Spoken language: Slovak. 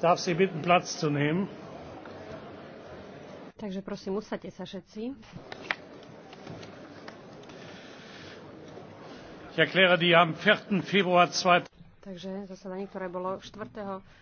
Darf Sie bitten, Platz zu nehmen. Takže prosím, usadte sa všetci. Ich erkläre die am 4. Februar 2. Takže zasadanie, ktoré bolo 4.